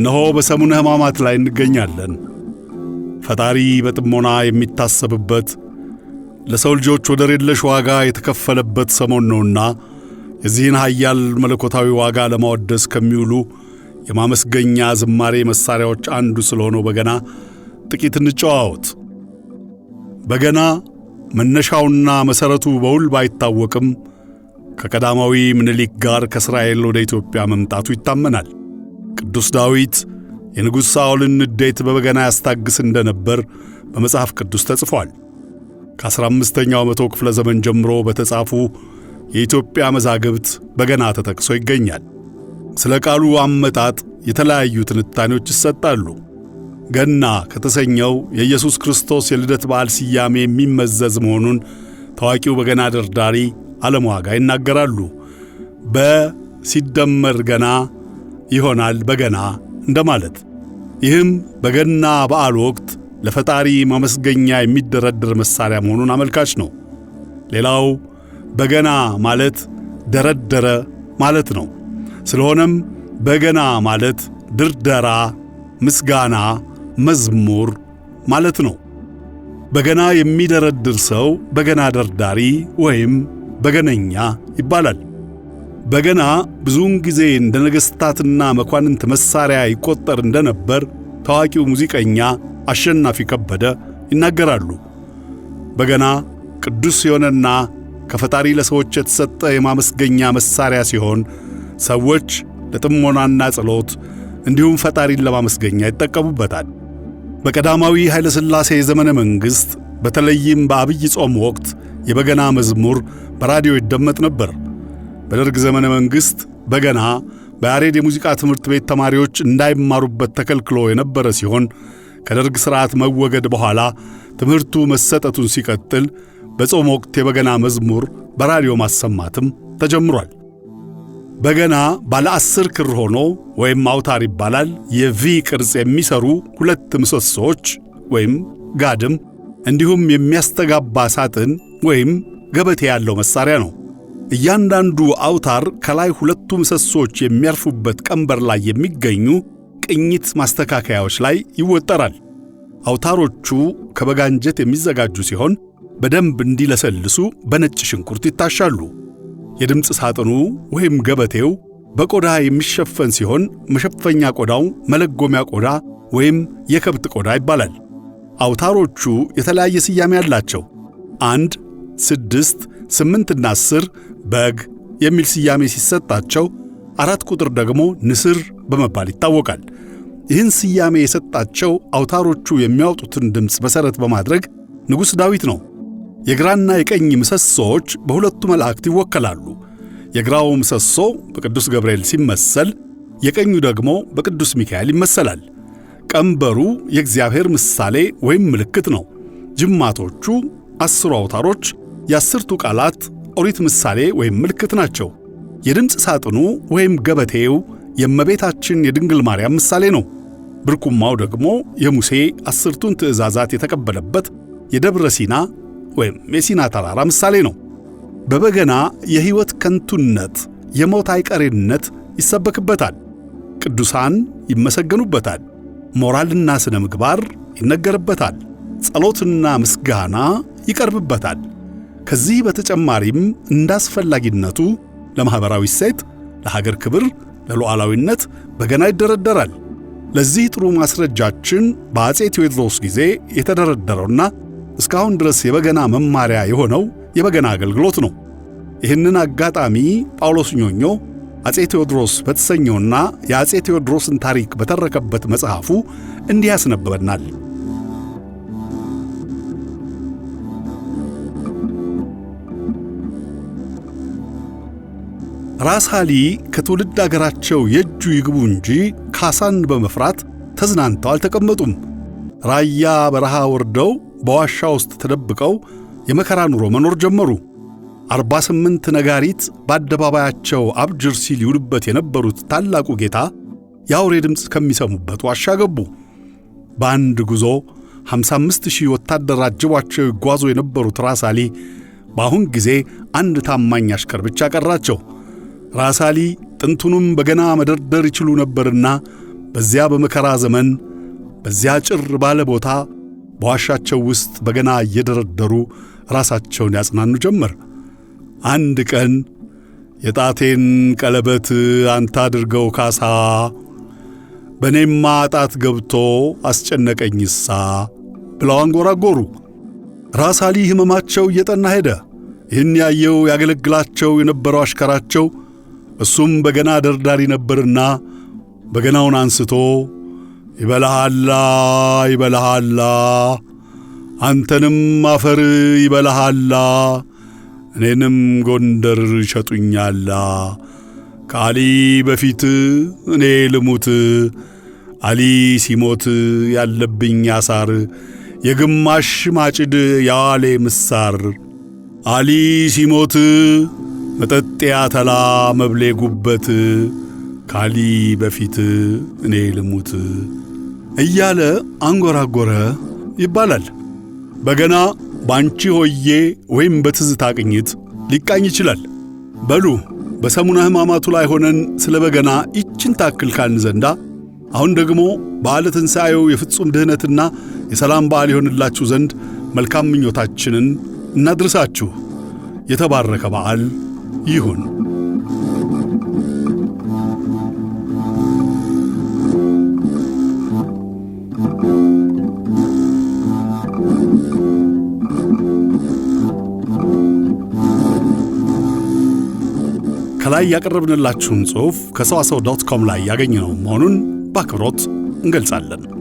እነሆ በሰሙነ ሕማማት ላይ እንገኛለን። ፈጣሪ በጥሞና የሚታሰብበት ለሰው ልጆች ወደር የለሽ ዋጋ የተከፈለበት ሰሞን ነውና የዚህን ኃያል መለኮታዊ ዋጋ ለማወደስ ከሚውሉ የማመስገኛ ዝማሬ መሣሪያዎች አንዱ ስለሆነው በገና ጥቂት እንጨዋወት። በገና መነሻውና መሠረቱ በውል ባይታወቅም ከቀዳማዊ ምኒልክ ጋር ከእስራኤል ወደ ኢትዮጵያ መምጣቱ ይታመናል። ቅዱስ ዳዊት የንጉሥ ሳኦልን ንዴት በበገና ያስታግስ እንደነበር በመጽሐፍ ቅዱስ ተጽፏል። ከ15ኛው መቶ ክፍለ ዘመን ጀምሮ በተጻፉ የኢትዮጵያ መዛግብት በገና ተጠቅሶ ይገኛል። ስለ ቃሉ አመጣጥ የተለያዩ ትንታኔዎች ይሰጣሉ። ገና ከተሰኘው የኢየሱስ ክርስቶስ የልደት በዓል ስያሜ የሚመዘዝ መሆኑን ታዋቂው በገና ደርዳሪ ዓለም ዋጋ ይናገራሉ። በ ሲደመር ገና ይሆናል በገና እንደማለት። ይህም በገና በዓል ወቅት ለፈጣሪ ማመስገኛ የሚደረድር መሳሪያ መሆኑን አመልካች ነው። ሌላው በገና ማለት ደረደረ ማለት ነው። ስለሆነም በገና ማለት ድርደራ፣ ምስጋና፣ መዝሙር ማለት ነው። በገና የሚደረድር ሰው በገና ደርዳሪ ወይም በገነኛ ይባላል። በገና ብዙውን ጊዜ እንደ ነገሥታትና መኳንንት መሳሪያ ይቆጠር እንደነበር ታዋቂው ሙዚቀኛ አሸናፊ ከበደ ይናገራሉ። በገና ቅዱስ የሆነና ከፈጣሪ ለሰዎች የተሰጠ የማመስገኛ መሳሪያ ሲሆን ሰዎች ለጥሞናና ጸሎት እንዲሁም ፈጣሪን ለማመስገኛ ይጠቀሙበታል። በቀዳማዊ ኃይለ ሥላሴ የዘመነ መንግሥት በተለይም በአብይ ጾም ወቅት የበገና መዝሙር በራዲዮ ይደመጥ ነበር። በደርግ ዘመነ መንግሥት በገና በያሬድ የሙዚቃ ትምህርት ቤት ተማሪዎች እንዳይማሩበት ተከልክሎ የነበረ ሲሆን ከደርግ ሥርዓት መወገድ በኋላ ትምህርቱ መሰጠቱን ሲቀጥል በጾም ወቅት የበገና መዝሙር በራዲዮ ማሰማትም ተጀምሯል። በገና ባለ አስር ክር ሆኖ ወይም አውታር ይባላል። የቪ ቅርጽ የሚሰሩ ሁለት ምሰሶዎች ወይም ጋድም እንዲሁም የሚያስተጋባ ሳጥን ወይም ገበቴ ያለው መሣሪያ ነው። እያንዳንዱ አውታር ከላይ ሁለቱ ምሰሶች የሚያርፉበት ቀንበር ላይ የሚገኙ ቅኝት ማስተካከያዎች ላይ ይወጠራል። አውታሮቹ ከበጋንጀት የሚዘጋጁ ሲሆን በደንብ እንዲለሰልሱ በነጭ ሽንኩርት ይታሻሉ። የድምፅ ሳጥኑ ወይም ገበቴው በቆዳ የሚሸፈን ሲሆን መሸፈኛ ቆዳው መለጎሚያ ቆዳ ወይም የከብት ቆዳ ይባላል። አውታሮቹ የተለያየ ስያሜ አላቸው። አንድ፣ ስድስት፣ ስምንትና አስር በግ የሚል ስያሜ ሲሰጣቸው አራት ቁጥር ደግሞ ንስር በመባል ይታወቃል። ይህን ስያሜ የሰጣቸው አውታሮቹ የሚያወጡትን ድምፅ መሠረት በማድረግ ንጉሥ ዳዊት ነው። የግራና የቀኝ ምሰሶዎች በሁለቱ መላእክት ይወከላሉ። የግራው ምሰሶ በቅዱስ ገብርኤል ሲመሰል፣ የቀኙ ደግሞ በቅዱስ ሚካኤል ይመሰላል። ቀንበሩ የእግዚአብሔር ምሳሌ ወይም ምልክት ነው። ጅማቶቹ አስሩ አውታሮች የአስርቱ ቃላት የኦሪት ምሳሌ ወይም ምልክት ናቸው። የድምፅ ሳጥኑ ወይም ገበቴው የእመቤታችን የድንግል ማርያም ምሳሌ ነው። ብርኩማው ደግሞ የሙሴ አስርቱን ትእዛዛት የተቀበለበት የደብረ ሲና ወይም የሲና ተራራ ምሳሌ ነው። በበገና የሕይወት ከንቱነት፣ የሞት አይቀሬነት ይሰበክበታል። ቅዱሳን ይመሰገኑበታል። ሞራልና ሥነ ምግባር ይነገርበታል። ጸሎትና ምስጋና ይቀርብበታል። ከዚህ በተጨማሪም እንዳስፈላጊነቱ ለማኅበራዊ ሴት፣ ለሀገር ክብር፣ ለሉዓላዊነት በገና ይደረደራል። ለዚህ ጥሩ ማስረጃችን በአጼ ቴዎድሮስ ጊዜ የተደረደረውና እስካሁን ድረስ የበገና መማሪያ የሆነው የበገና አገልግሎት ነው። ይህንን አጋጣሚ ጳውሎስ ኞኞ አጼ ቴዎድሮስ በተሰኘውና የአጼ ቴዎድሮስን ታሪክ በተረከበት መጽሐፉ እንዲህ ያስነብበናል። ራስ አሊ ከትውልድ አገራቸው የእጁ ይግቡ እንጂ ካሳን በመፍራት ተዝናንተው አልተቀመጡም። ራያ በረሃ ወርደው በዋሻ ውስጥ ተደብቀው የመከራ ኑሮ መኖር ጀመሩ። አርባ ስምንት ነጋሪት በአደባባያቸው አብጅር ሲል ይውልበት የነበሩት ታላቁ ጌታ የአውሬ ድምፅ ከሚሰሙበት ዋሻ ገቡ። በአንድ ጉዞ 55 ሺህ ወታደር አጅቧቸው ይጓዙ የነበሩት ራስ አሊ በአሁን ጊዜ አንድ ታማኝ አሽከር ብቻ ቀራቸው። ራሳሊ ጥንቱንም በገና መደርደር ይችሉ ነበርና በዚያ በመከራ ዘመን በዚያ ጭር ባለ ቦታ በዋሻቸው ውስጥ በገና እየደረደሩ ራሳቸውን ያጽናኑ ጀመር። አንድ ቀን የጣቴን ቀለበት አንተ አድርገው ካሳ፣ በእኔማ ጣት ገብቶ አስጨነቀኝሳ ብለው አንጎራጎሩ። ራሳሊ ሕመማቸው እየጠና ሄደ። ይህን ያየው ያገለግላቸው የነበረው አሽከራቸው እሱም በገና ደርዳሪ ነበርና በገናውን አንስቶ ይበላሃላ ይበላሃላ አንተንም አፈር ይበላሃላ እኔንም ጎንደር ይሸጡኛላ ከአሊ በፊት እኔ ልሙት አሊ ሲሞት ያለብኝ አሳር የግማሽ ማጭድ የዋሌ ምሳር አሊ ሲሞት መጠጥያ ተላ መብሌ ጉበት ካሊ በፊት እኔ ልሙት እያለ አንጎራጎረ ይባላል። በገና በአንቺ ሆዬ ወይም በትዝታ ቅኝት ሊቃኝ ይችላል። በሉ በሰሙነ ሕማማቱ ላይ ሆነን ስለ በገና ይችን ታክል ካልን ዘንዳ አሁን ደግሞ በዓለ ትንሣኤው የፍጹም ድኅነትና የሰላም በዓል ይሆንላችሁ ዘንድ መልካም ምኞታችንን እናድርሳችሁ። የተባረከ በዓል ይሁን። ከላይ ያቀረብንላችሁን ጽሑፍ ከሰዋሰው ዶት ኮም ላይ ያገኘነው መሆኑን በአክብሮት እንገልጻለን።